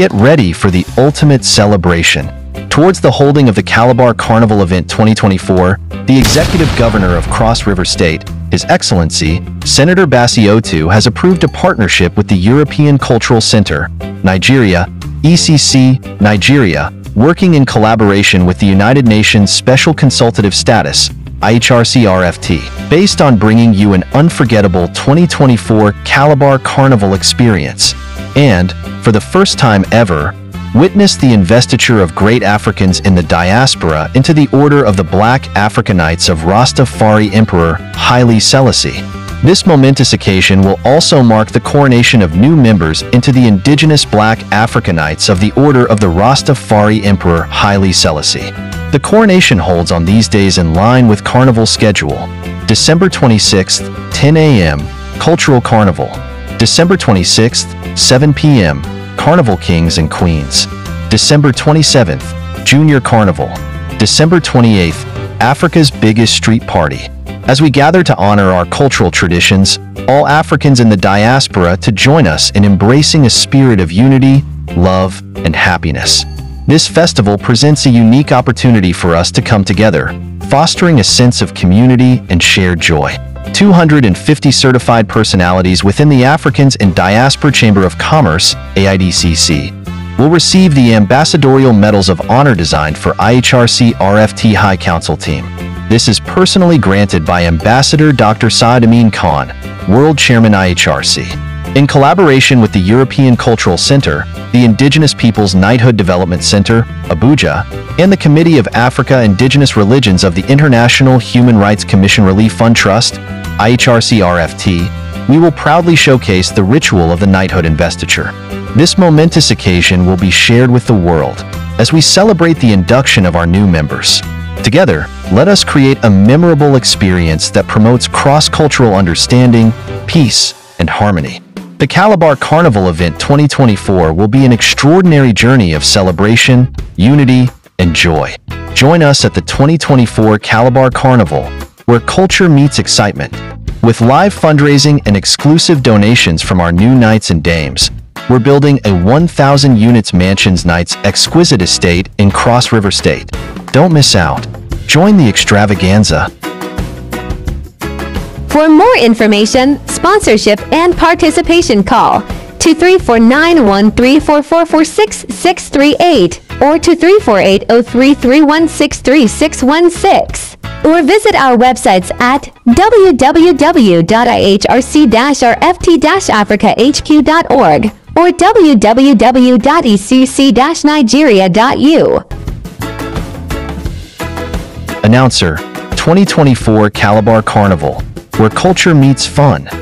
Get ready for the ultimate celebration. Towards the holding of the Calabar Carnival Event 2024, the Executive Governor of Cross River State, His Excellency, Senator Otu, has approved a partnership with the European Cultural Center, Nigeria, ECC, Nigeria, working in collaboration with the United Nations Special Consultative Status, (IHRCRFT), based on bringing you an unforgettable 2024 Calabar Carnival experience and, for the first time ever, witnessed the investiture of great Africans in the diaspora into the order of the black Africanites of Rastafari Emperor Haile Selassie. This momentous occasion will also mark the coronation of new members into the indigenous black Africanites of the Order of the Rastafari Emperor Haile Selassie. The coronation holds on these days in line with carnival schedule. December 26th, 10 a.m., Cultural Carnival. December 26th, 7 p.m., Carnival Kings and Queens. December 27th, Junior Carnival. December 28th, Africa's biggest street party. As we gather to honor our cultural traditions, all Africans in the diaspora to join us in embracing a spirit of unity, love, and happiness. This festival presents a unique opportunity for us to come together, fostering a sense of community and shared joy. 250 certified personalities within the Africans and Diaspora Chamber of Commerce, AIDCC, will receive the Ambassadorial Medals of Honor designed for IHRC RFT High Council team. This is personally granted by Ambassador Dr. Saad Amin Khan, World Chairman IHRC. In collaboration with the European Cultural Center, the Indigenous Peoples Knighthood Development Center, Abuja, and the Committee of Africa Indigenous Religions of the International Human Rights Commission Relief Fund Trust, IHRCRFT, we will proudly showcase the ritual of the knighthood investiture. This momentous occasion will be shared with the world as we celebrate the induction of our new members. Together, let us create a memorable experience that promotes cross-cultural understanding, peace, and harmony. The Calabar Carnival Event 2024 will be an extraordinary journey of celebration, unity, and joy. Join us at the 2024 Calabar Carnival where culture meets excitement. With live fundraising and exclusive donations from our new knights and dames, we're building a 1,000 units mansions knights exquisite estate in Cross River State. Don't miss out. Join the extravaganza. For more information, sponsorship, and participation, call 2349134446638 or 2348033163616 or visit our websites at www.ihrc-rft-africahq.org or www.ecc-nigeria.u. Announcer 2024 Calabar Carnival, where culture meets fun.